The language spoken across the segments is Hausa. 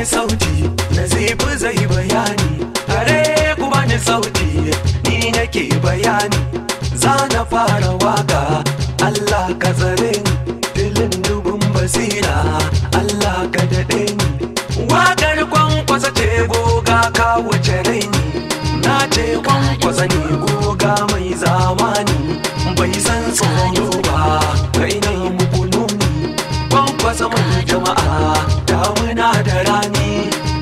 bani sauti na zai zai bayani kare ku bani sauti ni nake bayani za na fara waka Allah ka zare ni filin dubun basira Allah ka daɗe ni wakar kwankwasa ce goga ka wuce raini na ce kwankwasa ne goga mai zamani bai san tsoro ba kai ne maza jama'a damuna da rani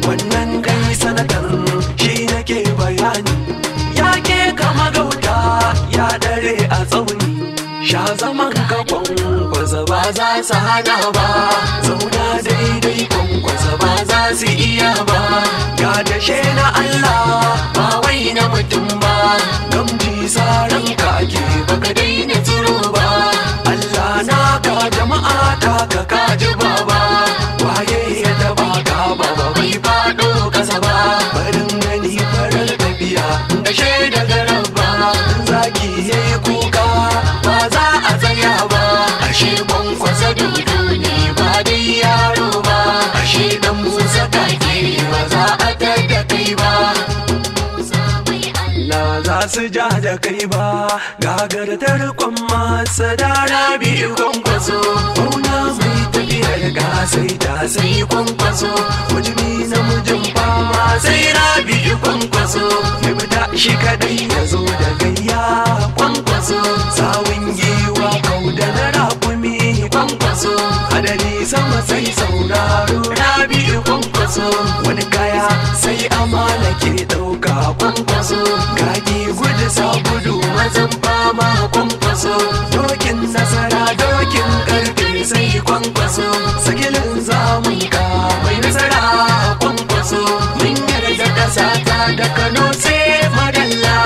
wannan gani sanatan shi nake bayani ya ke kama gauta ya dare a tsauni sha zaman ka kwankwasa ba za su hana ba zauna daidai kwankwasa ba za su iya ba ga dashe na Allah su ja da kai ba gagartar kwan masa dara biyu kwankwaso kuna mai tafiyar ga sai ta sai kwankwaso mujimi na mujin fama sai na biyu kwankwaso mai fita shi kadai ya zo da gayya kwankwaso sawun giwa kau da na rakumi kwankwaso sama sai sauraro rabi kwankwaso ma kwankwaso dokin nasara dokin karfi sai kwankwaso sagilin zamun ka mai nasara kwankwaso mun yarda kasa ta da kano sai madalla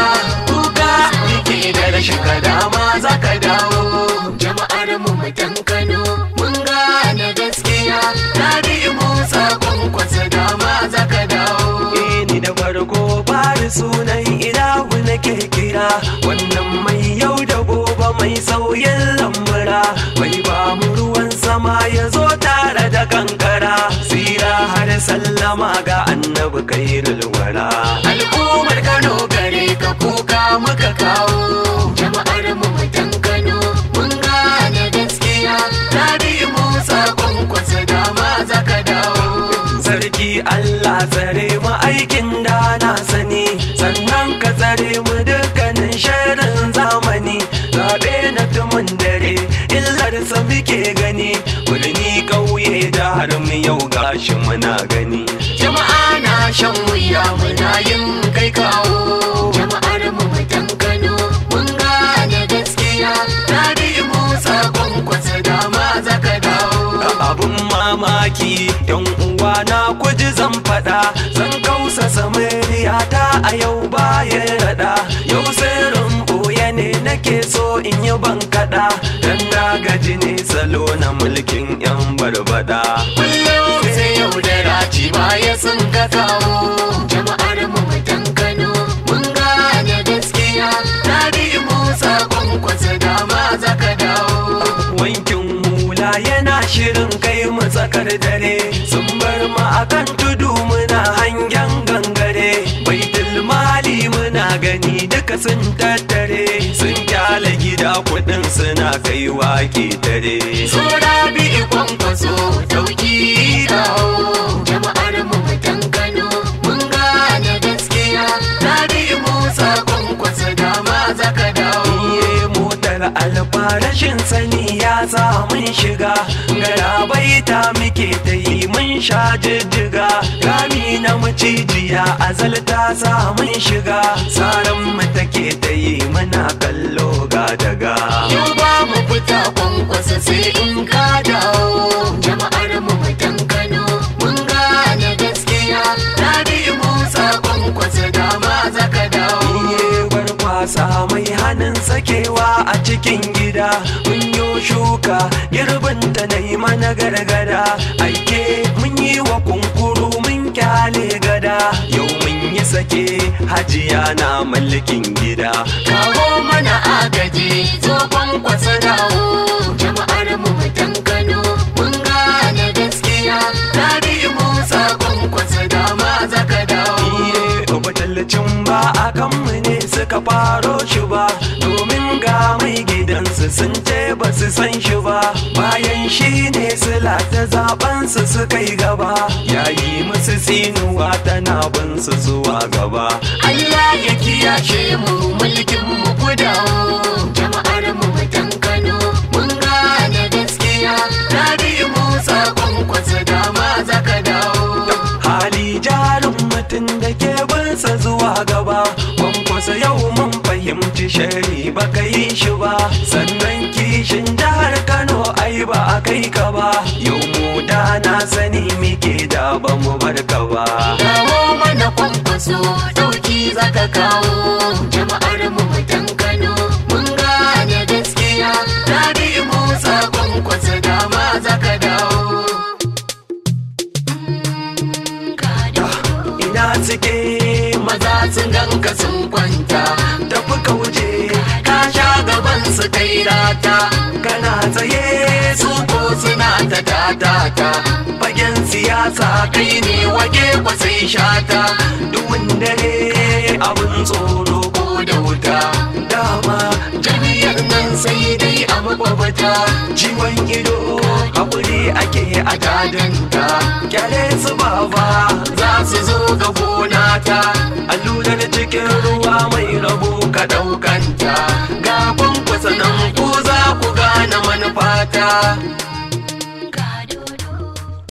kuka yake da rashin ka dama za ka dawo jama'ar mu mutan kano mun gane gaskiya na musa kwankwaso dama za ka dawo eh, ni da farko bari sunan Ina. kirkira wannan mai yau da gobe mai sauyin lambura mai ba mu ruwan sama ya zo tare da kankara tsira har sallama ga annabi kai rulwara al'ummar kano gare ka kuka muka kawo jama'ar mutan kano mun gane gaskiya rabi musa kwankwasa dama zaka dawo sarki allah tsare mu aikin ke gani birni ƙauye da harin yau gashi muna gani jama'a na shan wuya muna yin kai kawo jama'ar mu mutan kano mun gane gaskiya tarihi musa kwankwasa dama ka dawo abun mamaki yan uwa na kuji zan faɗa zan kausa samariya ta a yau baya raɗa yau sai nake so in yi bankaɗa kaɗa dan na gaji ne salo na mulkin yan barbada kullum sai yau da raci baya sun ka kawo jama'ar mu kano mun gane gaskiya na bi musa kwankwasa dama zaka dawo wankin hula yana shirin kai mu tsakar dare sun bar mu akan tudu muna hangen gangare baitul mali muna gani duka sun tattare biya kuɗin suna kai wake dare. Sura biyu kwankwaso sauki da jama'ar mu mutan Kano mun gane gaskiya Rabi Musa kwankwaso dama zaka dawo. Motar alfarashin sani ya sa mun shiga garabai ta muke ta yi mun sha jijjiga rami na macijiya azal ta sa mun shiga saran mu take ta yi muna kallo daga yau ba mu fita kwankwasa sai in ka dawo jama'ar mu mutan kano mun gane gaskiya biyu musa kwankwasa dama zaka dawo kwasa mai hannun sakewa a cikin gida mun yo shuka girbin ta na yi mana gargada aiki sake hajiya na mallakin gida kawo mana agaji zo kwankwasa dawo jama'ar mu mutan kano mun gane gaskiya na musa kwankwasa dama zaka dawo iye tallacin sun ce ba su san shi ba bayan shi ne sila ta zaben su suka gaba yayi musu tsinuwa tana bin su zuwa gaba Allah ya kiyashe mu mulkin mu gudawo jama'ar mu mutan Kano mun gane gaskiya Rabi Musa kwankwasa dama ka dawo hali jarin mutum da ke bin sa zuwa gaba kwankwasa yau mun fahimci shari baka yi shi ba sannan so dauki zaka kawo jama'ar mu mutan Kano mun gane gaskiya ta bi mu sakon kwasa dama mm, ka dawo ina cike maza sun ganka sun kwanta tafi ka wuce ka sha gaban su kai rata kana tsaye su ko suna ta tatata wasa ne wake ba sai shata duk dare abin tsoro ko da wuta dama jami'ar nan sai dai a babata ciwon ido hakuri ake a tadanta. kyale su baba za su zo ga gonata allurar cikin ruwa mai rabo ka ɗaukanta ga kwankwasa nan ku za ku gane manufata